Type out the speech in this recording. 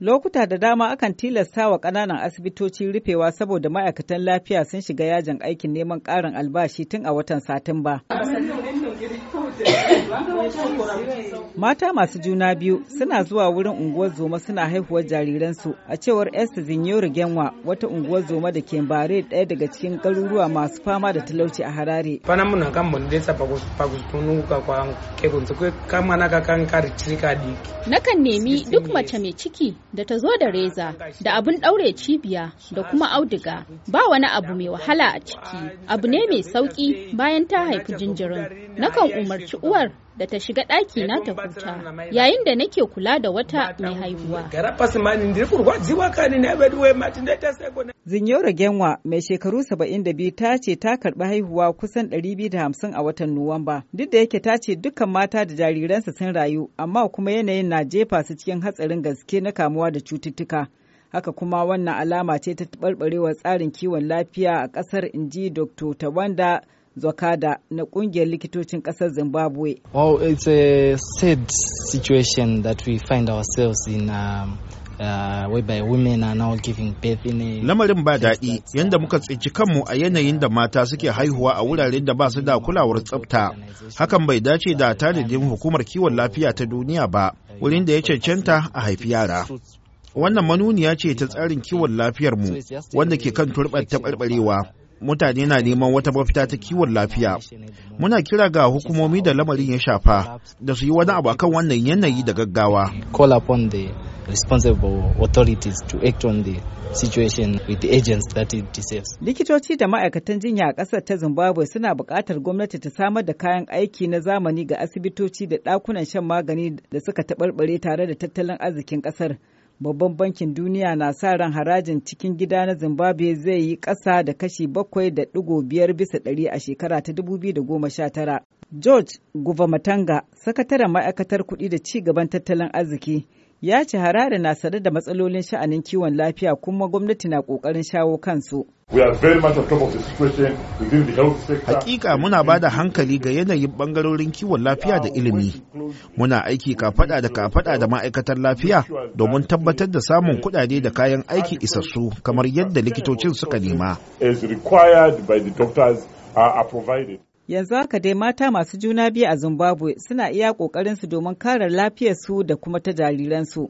Lokuta da dama akan tilasta wa ƙananan asibitoci rufewa saboda ma'aikatan lafiya sun shiga yajin aikin neman ƙarin albashi tun a watan Satumba. Mata masu juna biyu suna zuwa wurin unguwar zoma suna haihuwar jariransu a cewar Esther Zinyori Genwa wata unguwar zoma da ke bare ɗaya daga cikin garuruwa masu fama da talauci a Harare. Fana muna kan mun desa pagustunu ka kwa kegun su kama na kan kar cika diki. Nakan nemi duk mace mai ciki da ta zo da reza da abun ɗaure cibiya da kuma auduga ba wani abu mai wahala a ciki abu ne mai sauki bayan ta haifi jinjirin. Nakan umarci umarci uwar da ta shiga ɗaki na ta huta yayin da nake kula da wata mai haihuwa. Zinyora Genwa mai shekaru 72 ta ce ta karɓi haihuwa kusan 250 a watan Nuwamba. Duk da yake ta ce dukkan mata da jariransa sun rayu amma kuma yanayin na jefa su cikin hatsarin gaske na kamuwa da cututtuka. haka kuma wannan alama ce ta taɓarɓarewar tsarin kiwon lafiya a ƙasar inji dr tawanda Zokada na kungiyar likitocin kasar Zimbabwe. Well, it's a sad situation that we find ourselves in um, uh, Lamarin ba daɗi yadda muka tsinci kanmu a yanayin da mata suke haihuwa a wuraren da ba su da kulawar tsafta. Hakan bai dace da tanadin hukumar kiwon lafiya ta duniya ba, wurin da ya cancanta a haifi yara. Wannan manuniya ce ta tsarin kiwon lafiyarmu wanda ke kan turɓar taɓarɓarewa. mutane na neman wata mafita ta kiwon lafiya muna kira ga hukumomi da lamarin ya shafa da su yi wani abu akan wannan yanayi da gaggawa call upon the responsible authorities to act on the situation with the agents that it deserves. Likitoci da ma'aikatan jinya a ƙasar ta Zimbabwe suna buƙatar gwamnati ta samar da kayan aiki na zamani ga asibitoci da ɗakunan shan magani da suka taɓarɓare tare da tattalin arzikin ƙasar. babban bankin duniya na sa ran harajin cikin gida na zimbabwe zai yi ƙasa da kashi bakwai da 7.5 bisa ɗari a shekara ta 2019 george guvamatanga sakataren ma'aikatar kuɗi da ci gaban tattalin arziki ya ce harare na sare da matsalolin sha'anin kiwon lafiya kuma gwamnati na kokarin shawo kansu. Hakika muna ba da hankali ga yanayin bangarorin kiwon lafiya da ilimi. Muna aiki kafada da kafada da ma'aikatar lafiya domin tabbatar da samun kudade da kayan aiki isassu kamar yadda likitocin suka nema. As required by the doctors provided. Yanzu haka dai mata masu juna biyu a Zimbabwe suna iya ƙoƙarinsu domin kare lafiyarsu da kuma ta jariransu.